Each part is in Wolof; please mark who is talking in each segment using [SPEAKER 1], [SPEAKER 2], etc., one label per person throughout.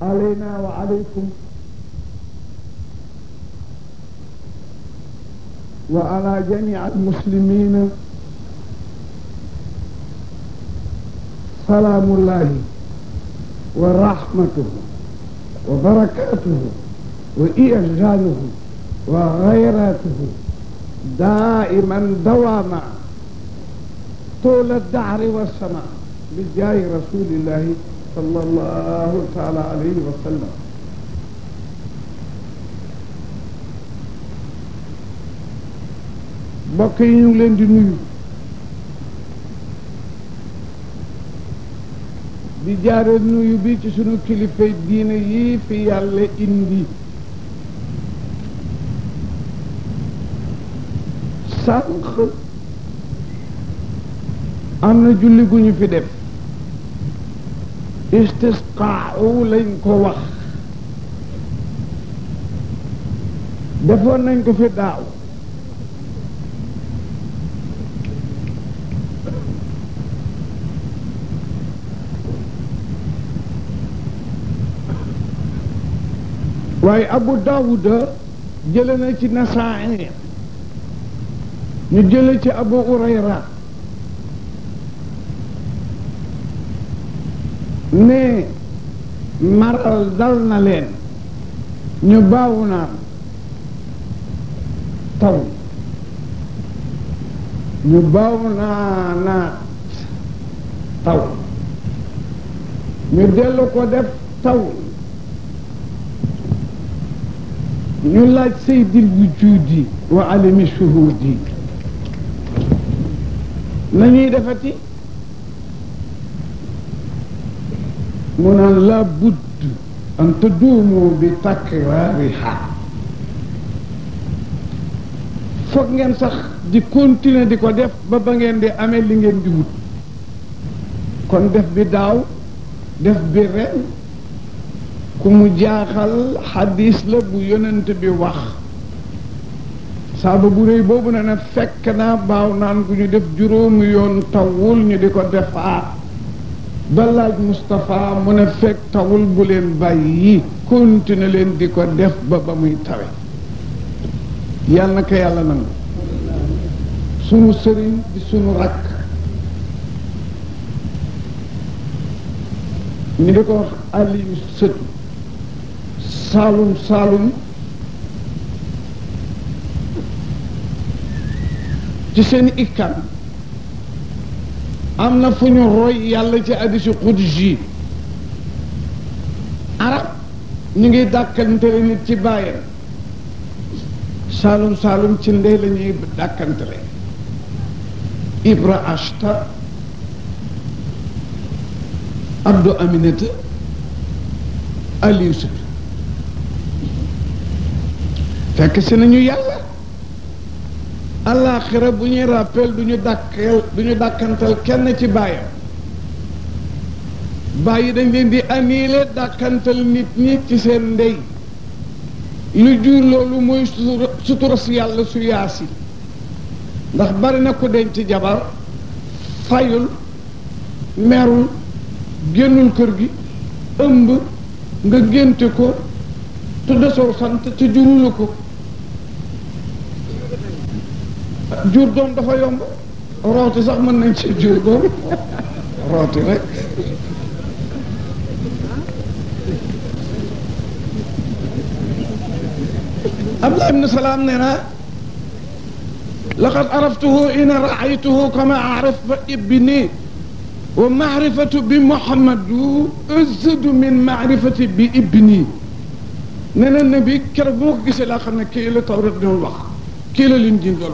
[SPEAKER 1] alayna wa alaykum wa ala jamii almuslimina salaamullahi wa rahmatuhu wa barakatuhu wa irsaaluhu wa xayraatuhu daa'iman dawaaman tuula dahri wa samaa bi jaahi rasulillahi sallallahu taala alayhi wa sallam mbokk yi ñu ngi leen di nuyu di jaare nuyu bi ci sunu kilifa diine yi fi yàlla indi sànq am na julli gu ñu fi def istisqaaw lañ ko wax defoon nañ ko fi daaw waaye abu daawuda jële na ci nasaa'i ñu jële ci abu urayra ne maral dal na leen ñu baawu naan taw ñu baawu naa naat taw ñu dellu ko def taw ñu laaj saydil wujudi wa alimi shuhudi nañuy defati mu naan la budd an tëddoomoo bi takraariha foog ngeen sax di continuer di ko def ba ba ngeen di amee li ngeen di wut kon def bi daaw def bi ren ku mu jaaxal xadis la bu yonent bi wax saaba bu réy boobu na ne fekk naa baaw naan ku ñu def juróomi yoon tawul ñu di ko defaat ba laaj Moustapha mu ne fekk tawul bu leen bàyyi continue leen di ko def ba ba muy tawe yàlla na ko yàlla nangu sunu sëriñ di sunu rakk ñu di ko wax Aliou Sëtu Saalum Saalum ci seen ikkan am na fu ñu roy yàlla ci hadisu ji ara ñu ngi dàkkantele nit ci bàyyam saalum saalum ci ndey la ñuy dàkkantele ibra ashta abdou aminata aliou sut fekk si nañu yàlla alaaxira bu ñuy rappel du ñu dàkkal du ñu kenn ci baayam bàyyi dañ leen di annulé dàkkantal nit ñi ci seen ndey lu jur loolu mooy sutura su yàlla su yaasi ndax bari na ko denc jabar fayul merul génnul kër gi ëmb nga génte ko tudda soo sant te jurulu ko jur doom dafa yomb rooti sax mën nañ jur doom rooti rek Abdullah ibn Salaam nee na laqad araftuhu in raaytuhu kama arafa ibni wa maarifatu bi Muhammadu azadu min maarifati bi ibni nee na nabi keroog bu ma ko gisee laa xam ne kii la Tawreet doon wax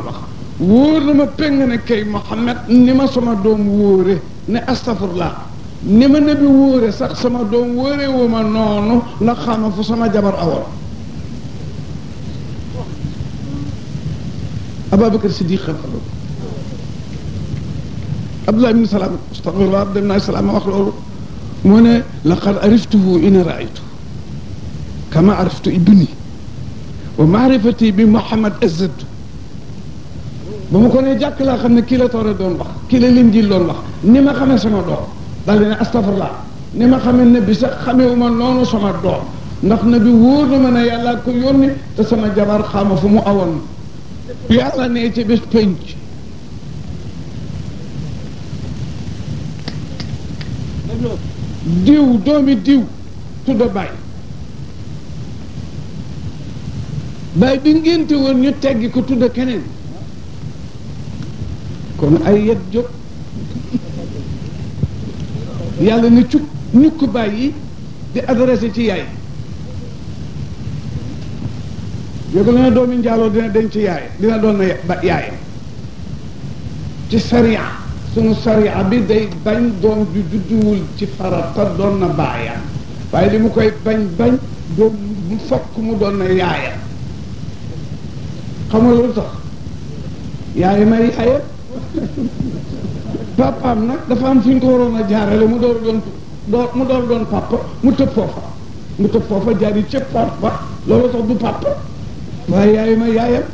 [SPEAKER 1] wax wóor na ma peng ne kay Muhammad ni ma sama doom wóore ne astafurlah ni ma nebi wóore sax sama doom wóore wooma ma noonu ndax xama fu sama jabar awal Ababacar Siddiq xam nga loolu Abdullah ibn Salaam astafurlah dem naa Salaam wax loolu mu ne kama ariftu ibni wa maarifati bi Muhammad azadtu ba mu ko ne jàkk laa xam ne kii la doon wax kii la linjiil doon wax ni ma xamee sama doom daal di ne astafurlaa ni ma xamee ne bi sax xamewuma noonu sama doom ndax na bi wóor na ma ne yàlla ko yónni te sama jabar xaama fu mu awoon yàlla ne ci bés pénc diw doomi diw tudda baay baay bi ngénte woon ñu teggi ko tudda keneen kon ay yet jóg yàlla ni cuk ñukk bàyyi di adressé ci yaay yëgal na doomi njaaloo dina denc yaay dina doon na yaay ci sariya sunu sariya bi day bañ doom ju judduwul ci farata doon na baayam waaye li mu koy bañ bañ doom mu fokk mu doon na yaayam xam nga lu tax yaay may yaayam papaam nag dafa am fi ñu ko waroon a jaarale mu door doon mu door doon papa mu tëb foofa mu tëb foofa jaari cëpp papa loolu sax du papa waaye yaay ma yaayam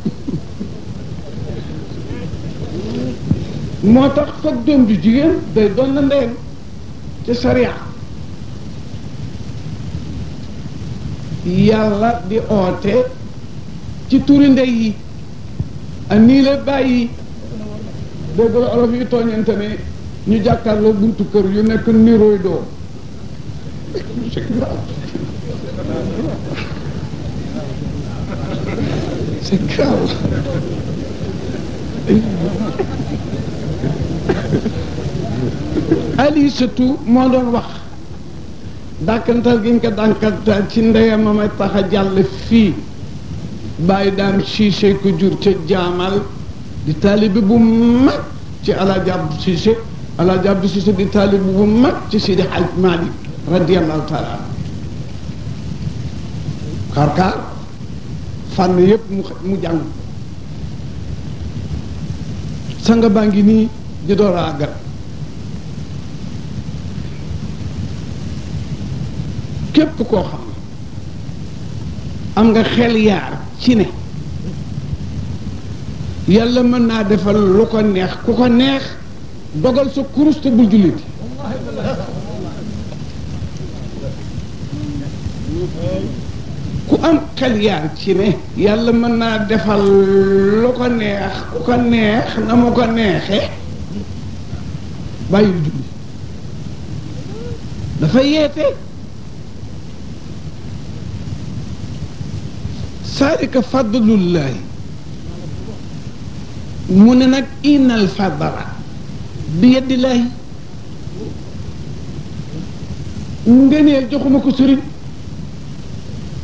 [SPEAKER 1] moo tax foog doom ju jigéen day doon na ndeyam ci sariya yàlla di oote ci turi ndey yi ak nii la bàyyi dégg la olof yi tooñante ni ñu jàkkaarloo buntu kër yu nekk nirooy doom c'est grave moo doon wax dàkkantal gi ñu ko dànkantal ci ndeyam a may tax jàll fii bàyyi daam siise ku jur ca jaamal di taalibe bu mag ci Alaaji Abdu Siise Alaaji Abdu Siise di taalibe bu mag ci Seydi Haj Maalik radiyallahu taala kaar-kaar fànn yépp mu mu jàng sanga baa ngi nii di door a àggal képp koo am nga xel yaar ci ne yàlla mën naa defal lu ko neex ku ko neex dogal sa kurus te bul jullit ku am xel yaar ci ne yàlla mën naa defal lu ko neex ku ko neex na mu ko neexee bàyyil julli dafa yeete saalika fadlullahi mu ne nag innal fadla bi yadillaahi ngëneel joxuma ko sëriñ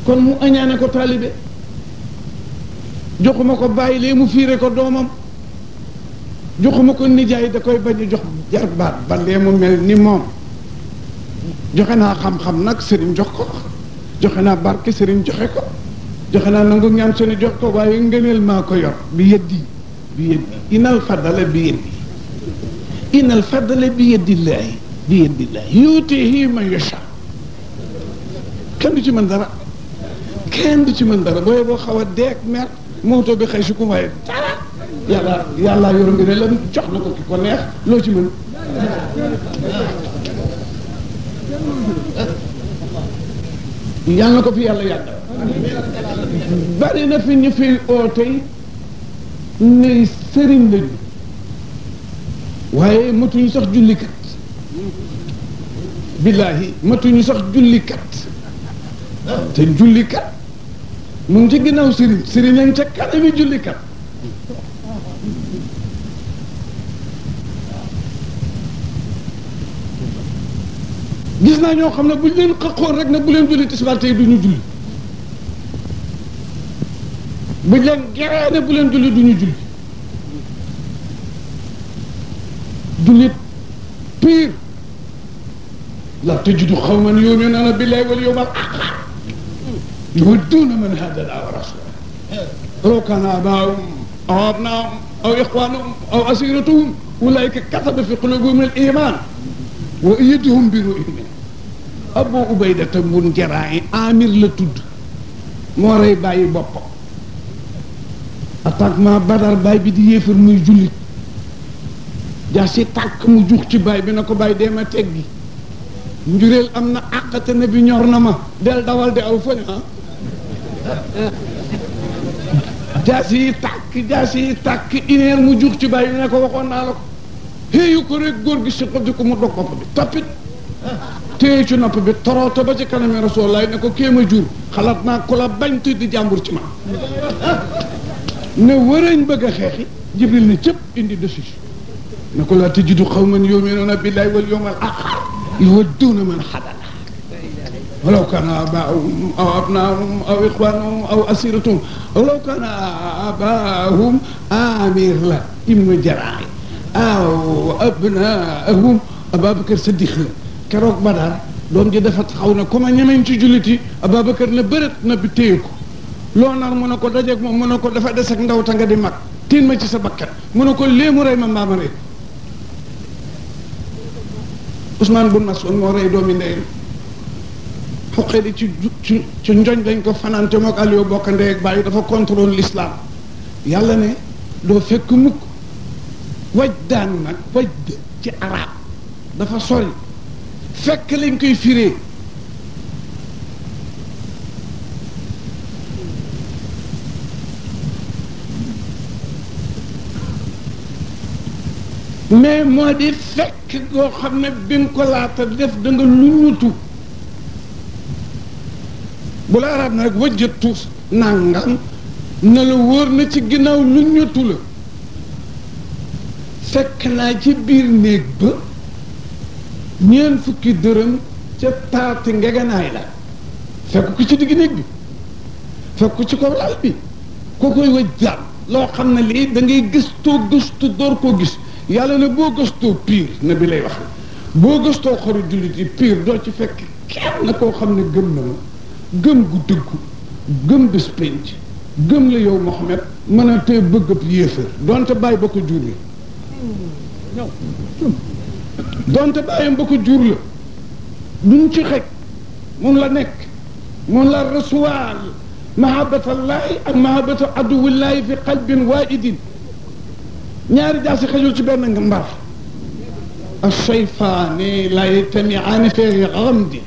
[SPEAKER 1] kon mu añaane ko taalibe joxuma ko bàyyi lee mu fiire ko doomam joxuma ko nijaay da koy bañ jox jarbaat ba lee mu mel ni moom joxe naa xam-xam nag sëriñ jox ko joxe naa barke sëriñ joxe ko joxe naa nangu ñaan sëriñ jox ko waaye ngëneel maa ko yor bi yeddi بيدي إن الفضل بيدي إن الفضل بيد الله بيد الله يؤتيه من يشاء kenn du ci mën dara kenn du ci mën dara booy boo xaw a deeg mer moto bi xëy si ku waaye dara yàlla yàlla yor mbir la jox na ko ki ko neex loo ci mën yàlla na ko fi yàlla yàggal bari na fi ñu fi oote ne sëriñ lañu waaye matuñu sax jullikat billaahi matuñu sax jullikat te jullikat mu ngi ci ginnaaw sëriñ sëriñ lañ ca kanami jullikat gis naa ñoo xam ne buñ leen xaqoon rek na bu leen julli tisbaar tey duñu julli buñ leen geree ne bu leen julli du ñu julli jullit pire la tajidu xawman yuminuna billahi wal yawmal axir yuwadduuna man haada llaha wa rasulahu law kaana aabaahum aw abnaahum aw ixwaanuhum aw asiiratuhum ulaa'ika kataba fi quluubihim al iimaan wa ayyadahum bi ruuhin Abu Ubaydata bun Jaraahi amir la tudd moo rey bàyyi boppam attaque ma badar baay bi di yéefar muy jullit jaas si tàkk mu juux ci baay bi na ko baay dee ma teggi njureel am na àqate na bi ñor na ma del dawal de aw fañ ah jaas yi tàkk jaas yi tàkk ineer mu juux ci baay bi na ko waxoon naa la ko xéeyu ko rek góor gi si xobdi ko mu dog bopp bi toppit téye ci nopp bi torooto ba ci kanami rasool laay ko kéem a jur xalaat naa ku la bañ te di jàmbur ci ma ne warañ bëgg a xeexi jibril ne cëpp indi desus ne ko laa tajidu qawman yuminuuna billahi wal yawmal axir yuwadduuna man xadala walaw kaana abaahum aw abnaahum aw ixwaanahum aw asiratuhum walaw kaana abaahum amir la ibnu jaraayi aw abnaahum ababakar sadiq la keroog ba daal doom ji dafa taxaw ne comme ñemeñ ci jullit yi ababakar ne bërët na bi téye ko loo nar mu ne ko dajeeg moom mu ne ko dafa des ak ndaw ta nga di mag tiin ma ci sa bakkat mun ne ko léemu rey ma mbaama rey Ousmane bun Mas'ud moo rey doomi ndeyam xuqe di ci ci njoñ dañ ko fanaan te mook Aliou bokk ndey ak bàyyi dafa contrôle l'islam yàlla ne doo fekk mukk waj daanu nag waj ci arab dafa sori fekk lañ koy fiire mais moo di fekk goo xam ne bi nga ko def da nga luñutu bu la arab na rek wajjatu nàngam na la wóor na ci ginnaaw luñutu la fekk naa ci biir néeg ba ñeen fukki dërëm ca taati ngeganaay la fekk ko ci digg néeg bi fekk ko ci kaw lal bi koo koy wëj loo xam ne lii dangay ngay gëstoo gëstu door koo gis yàlla na boo gëstoo pire na bi lay wax boo gëstoo xoru jullit yi pire doo ci fekk kenn koo xam ne gëm na ma gëm gu dëggu gëm bés gëm la yow Mohamed mën a tey bëgg ab yéefar donte bàyyi ba ko jur la donte bàyyam ba ko jur la duñ ci xej moom la nekk moom la rasuwaal mahabatallahi ak mahabata fi qalbin waidin ñaari jaasi xajul ci benn nga mbar asayfaani la yajtamiaani fi ramdi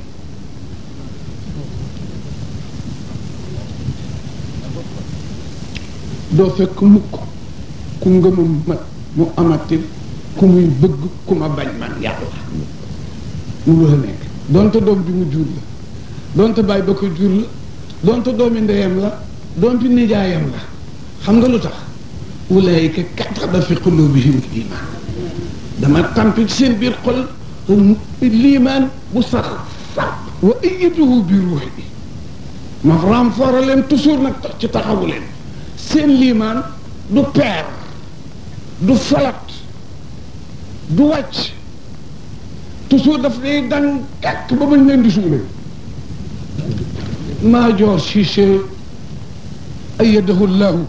[SPEAKER 1] doo fekk mukk ku ngëma mat mu amati ku muy bëgg ku ma bañ man yàlla mu la nekk donte doom bi mu jur la donte bàyyi ba ko jur la donte doomi ndeyam la donte nijaayam la xam nga lu tax ulaayika kataba fi qulubihim iman dama tampit seen biir xol liimaan bu sax wa ayiduhu bi ruux ma renfort leen toujours nag ci taxawu leen seen liimaan du peer du falat du wàcc toujours daf day dang gàkk ba bañ leen di suulee maa joor Cissé ayyadahu llahu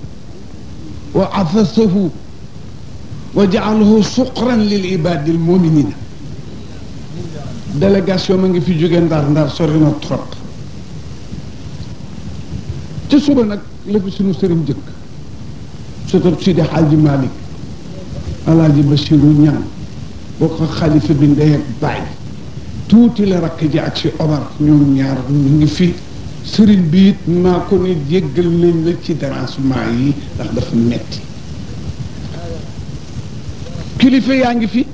[SPEAKER 1] wa afasahu wa jaalahu suqran lil ibaadi al muminina délégation ma ngi fi jóge ndar ndar sori na trop ci suba nag la fi sunu sëriñ jëkk ci Sidi Xaaji Malik Alaaji Basiru Ñaan boo ko xalifa bi ndey ak baay tuuti la rakk ji ak Omar ñoom ñaar ñu fi sëriñ bi it maa ko ne jéggal nañ la ci dérangement yi ndax dafa metti kilifa yaa ngi fi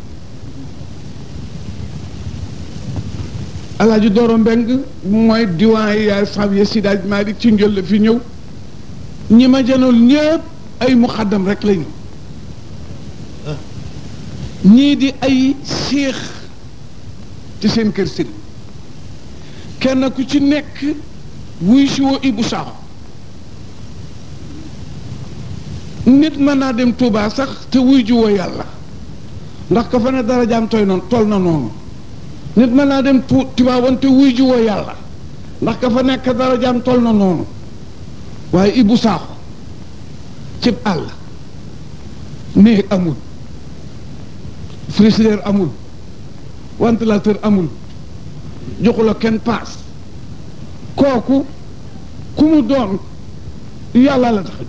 [SPEAKER 1] alaaji Doro Mbeng mooy diwaan yaay sab ya sidaaj Malik ci njël la fi ñëw ñi ma janool ñëpp ay muxaddam rek lañu ñii di ay séex ci seen kër sëriñ kenn ku ci nekk wuy si woo Ibou Sarr nit mën naa dem Touba sax te wuy ji woo yàlla ndax ka fa ne dara jaam tooy noonu na noonu nit mën naa dem Tiwaawan te wuy ji woo yàlla ndax ka fa nekk dara jaam toll na noonu waaye Ibou Sarr cib àll néeg amul frigidaire amul wante ventilateur amul joxula kenn paas kooku ku mu doon yàlla la tax a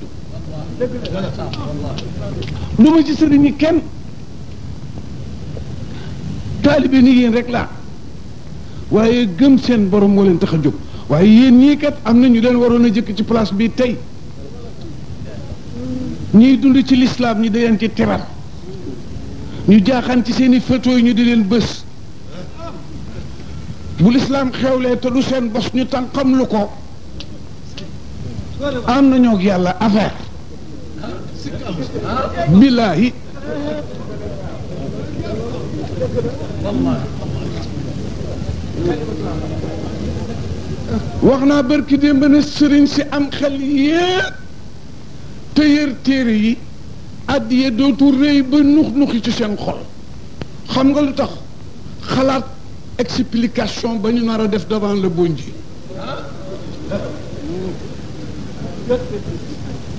[SPEAKER 1] jóg du ci sëriñi kenn taalibe ni yéen rek laa waaye gëm seen borom moo leen tax a jóg waaye yéen ñii kat am na ñu leen waroon a jëkk ci place bi tey ñiy dund ci lislaam ñi da leen ci teral ñu jaaxaan ci seeni i photo ñu di leen bës bu lislaam xewlee te du seen bos ñu tànqam lu ko am nañoo ak yàlla affaire billaahi wax naa barki démb ne sëriñ si am xel yépp te yër téere yi àddiye dootu rëy ba nux ci seen xol xam nga lu tax xalaat explication ba ñu nar a def devant le bon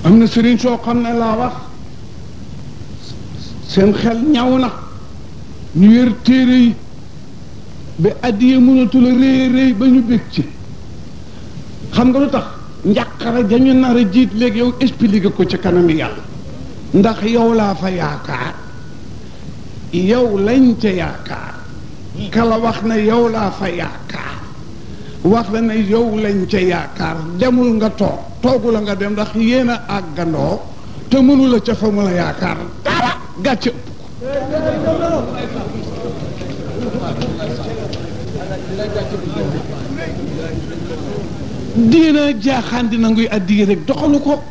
[SPEAKER 1] am na sëriñ soo xam ne laa wax seen xel ñaw na ñu yër téere yi ba addiye mënatul a réy réy ba ñu bég ci xam nga lu tax njàqara dañu nar a jiit léegi yow expliqué ko ci kanam yàlla ndax yow laa fa yaakaar yow lañ ca yaakaar kala wax na yow laa fa yaakaar wax la ne yow lañ ca yaakaar demul nga toog toogu la nga dem ndax yéen a àggandoo te mënu la ca fa mu yaakaar gàcce ëpp diina jaaxaan di nanguy addiye rek doxalu ko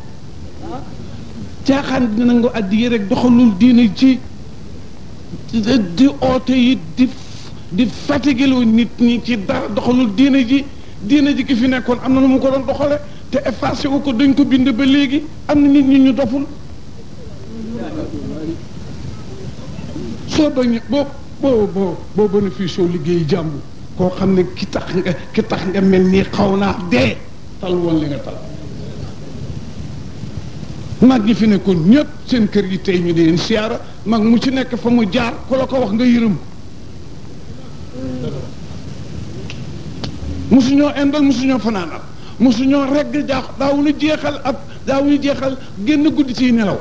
[SPEAKER 1] jaaxaan di nangu addiye rek doxalul diina ji di oote yi di di fatigué lu nit ñi ci dara doxalul diine ji diine ji ki fi nekkoon am na lu mu ko doon doxale te effacé wu ko dañ ko bind ba léegi am na nit ñi ñu doful soo bañ boo boo boo boo bénéfice liggéey jàmb koo xam ne ki tax nga ki tax nga mel nii xaw naa dee tal woon li nga tal mag ñi fi nekkoon ñëpp seen kër yi tey ñu di leen siyaara mag mu ci nekk fa mu jaar ku la ko wax nga yërëm mosuñoo indal mosuñoo fanaanal mosuñoo regg jaax daawuñu jeexal ab daawuñu jeexal génn guddi ciy nelaw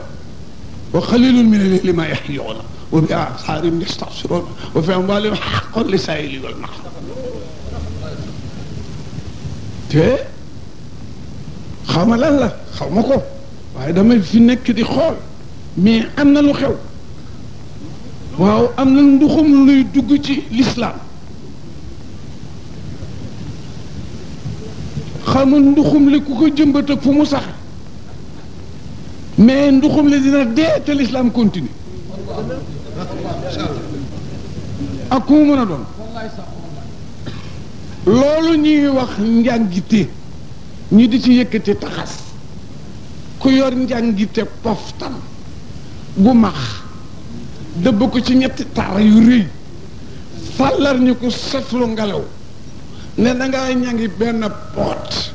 [SPEAKER 1] wa xalilun min al-layli ma yaxyuuna wa bi asaarihim yastasiruun wa fi amwaalihim xaqun lisaa'ili wal mahruum te xaw ma lan la xaw ma ko waaye damay fi nekk di xool mais am na lu xew waaw am na nduxum luy dugg ci lislaam xamul nduxum li ku ko jëmbat ak fu mu sax mais nduxum li dina dee te l'islam continue ak ku mu mën a doon loolu ñuy wax njàngite ñi di ci yëkkati taxas ku yor njàngite poftan gu max dëbb ko ci ñetti tar yu rëy sàllar ko setlu ngelaw ne dangay ñangi benn poot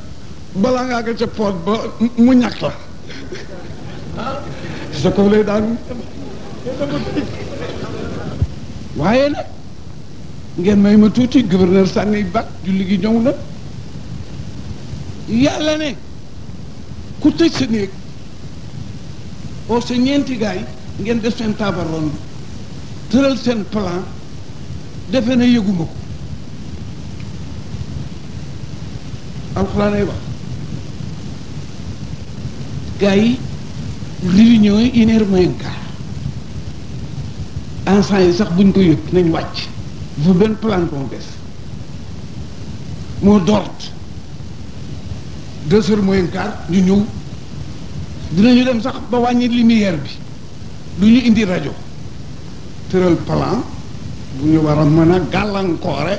[SPEAKER 1] balaa ngaa ko ca poot ba mu ñakk la ah. sa kaw lay daanu waaye nag ngeen may ma tuuti gouverneur sànni bak julli gi ñëw na yàlla ne ku tëj sa néeg oo sa ñeenti gaay ngeen def seen taabaroon bi tëral seen plan defe na yëguma ko alxuraan ay wax gars yi réunion yi une heure moins yi sax buñ ko yëg nañ wàcc bu benn planton des moo dort deux heures moins quart ñu ñëw dinañu dem sax ba wàññi lumière bi du ñu indi rajo tëral plan bu ñu war a mën a gàllankoore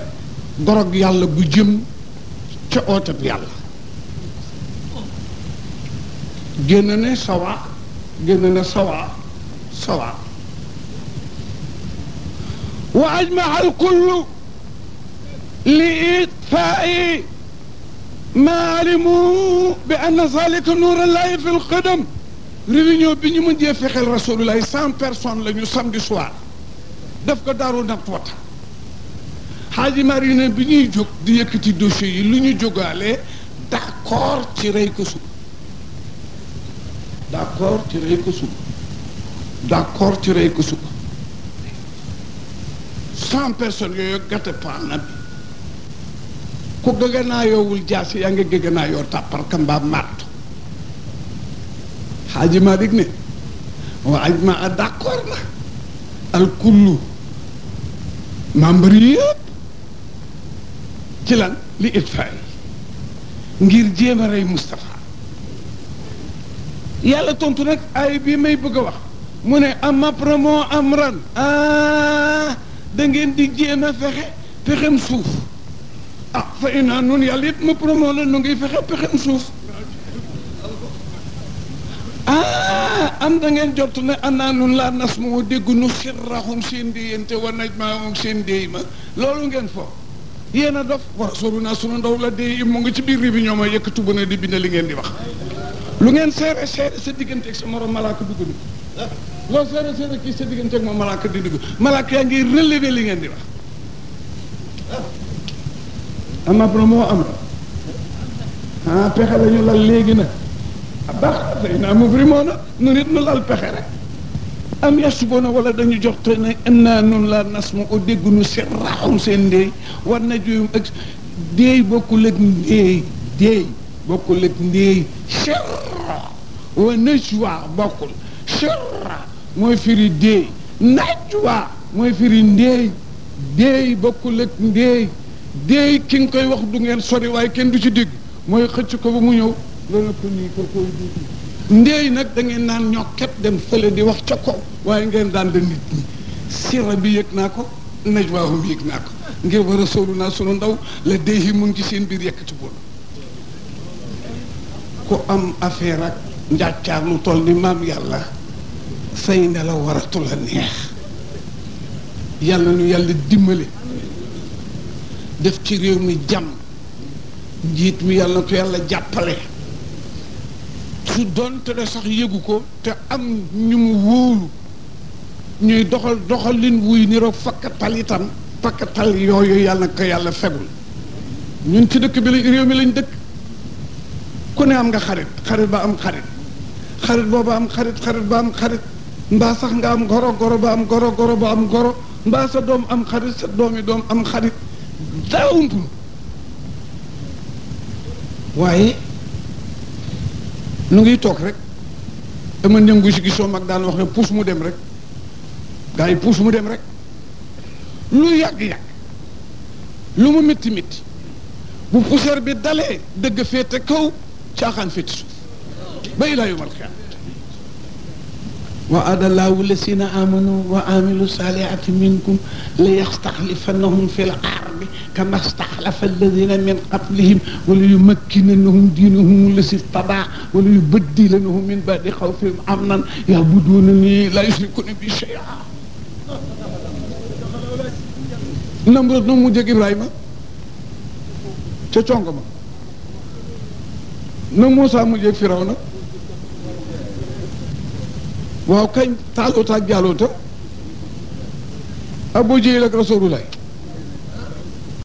[SPEAKER 1] gorog yàlla bu jëm ca ootab yàlla génn ne sawa génn na sawa sawa wa ajmaa alkullu li itfaai ma alimu bi ann zalika nuurallahi fi lqidam réunion bi ñu mujjee fexeel rasulullahi cent personnes la ñu samedi soir def ko daaru nag wata Xaaji Maari ne bi ñuy jóg di yëkkati dossier yi lu ñu jógaale d'accord ci rey ko d'accord ci rey ko ko cent personnes yooyu gàtte paana bi ku gëgënaayoowul jaasi yaa ngi gëgënaayoo tàpparka mbaa martu Xaaji Maari ne waa aj ma d'accord na al kullu membre yëpp ci lan li itfa yi ngir jéem a rey Moustapha yàlla tontu rek ay bii may bëgg a wax mu ne amapramo am ran ah ngeen di jéem a fexe pexem suuf ah fa inaa nun yàlla it ma la nu ngi fexe pexem suuf ah am da ngeen jot ne anaa nun laa nas moo dégg nu xirraxum seen déyante wa najmaahum seen déy ma loolu ngeen foofu yéen a dof war sooru naa sunu ndaw la dee moo ngi ci biir réew mi ñoom a yëkkatu ba ne di bind li ngeen di wax lu ngeen seere seere sa diggante ak sa morom malaaka dugg dugg loo seere seere kii sa diggante ak moom di dugg malaaka yaa ngi relevé li ngeen di wax ama bu moo am ah, pexe la lal léegi ah, na a baax day naa mu vraiment na nu nu lal pexe rek am yasubuna wala dañu jox te ne innaa nun la nasma o déggunu sirraxum seen ndéey war na juyum ak déey bokkul ak ndéey déey bokkul ak ndéey sirra wa najwa bokkul sirra mooy firi déey najwa mooy firi ndéey déey bokkul ak ndéey déey ki nga koy wax du ngeen sori waaye kenn du ci dégg mooy xëcc ko ba mu ñëw ndeey nag dangeen ngeen naan ñokket dem fële di wax ca waaye ngeen daan da nit ñi sira bi yëg naa ko najwaahum yëg naa ko ngir war a sóolu naa sunu ndaw la deexi mun ci seen biir yekkati bool ku am affaire ak njàccaar lu toll ni maam yàlla say ne la waratu la neex yàlla nu yàlla dimbale def ci réew mi jàmm njiit mi yàlla na ko yàlla jàppale su doonte ne sax yëgu ko te am ñu mu wóolu ñuy doxal doxalin wuy niroog fakkatal itam fakkatal yooyu yàlla ko yàlla fegul ñun ci dëkk bi la réew mi lañ dëkk ku ne am nga xarit xarit ba am xarit xarit booba am xarit xarit ba am xarit mbaa sax nga am goro goro ba am goro goro ba am goro mbaa sa doom am xarit sa doomi doom am xarit daawumpul waaye nu ngi toog rek dama ndéngu si gisoo mag daan wax ne puus mu dem rek gars yi puus mu dem rek lu yàgg-yàgg lu mu métti métti bu poussière bi dalee dëgg féete kaw caaxaan féete suuf ba ilaa yomal وعد الله الذين آمنوا وعملوا الصالحات منكم ليستخلفنهم في الأرض كما استخلف الذين من قبلهم وليمكننهم دينهم الذي ارتضى وليبدلنهم من بعد خوفهم أمنا يعبدونني لا يشركون بي شيئا Namrud nu mu mujj ak Ibrahima ca cong ma na Moussa mujj ak Firawna waaw kañ taal otaak jaaloota Abu Jahil ak Rasulullah